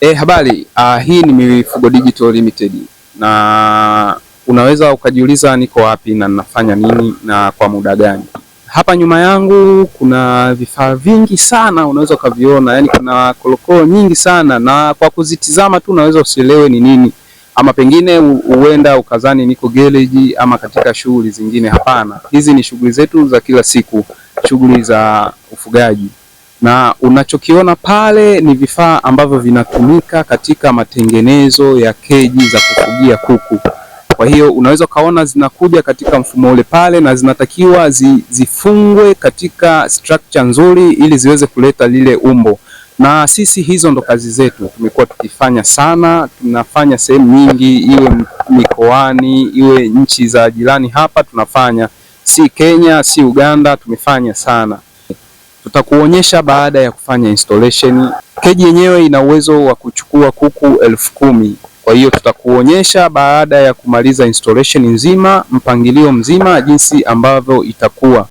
E, habari. Uh, hii ni Mifugo Digital Limited na unaweza ukajiuliza niko wapi na ninafanya nini na kwa muda gani. Hapa nyuma yangu kuna vifaa vingi sana unaweza ukaviona, yani kuna korokoro nyingi sana na kwa kuzitizama tu unaweza usielewe ni nini, ama pengine huenda ukazani niko gereji ama katika shughuli zingine. Hapana, hizi ni shughuli zetu za kila siku, shughuli za ufugaji na unachokiona pale ni vifaa ambavyo vinatumika katika matengenezo ya keji za kufugia kuku. Kwa hiyo unaweza ukaona zinakuja katika mfumo ule pale, na zinatakiwa zi, zifungwe katika structure nzuri ili ziweze kuleta lile umbo, na sisi hizo ndo kazi zetu tumekuwa tukifanya sana. Tunafanya sehemu nyingi, iwe mikoani, iwe nchi za jirani hapa tunafanya, si Kenya si Uganda, tumefanya sana tutakuonyesha baada ya kufanya installation. Keji yenyewe ina uwezo wa kuchukua kuku elfu kumi. Kwa hiyo tutakuonyesha baada ya kumaliza installation nzima, mpangilio mzima, jinsi ambavyo itakuwa.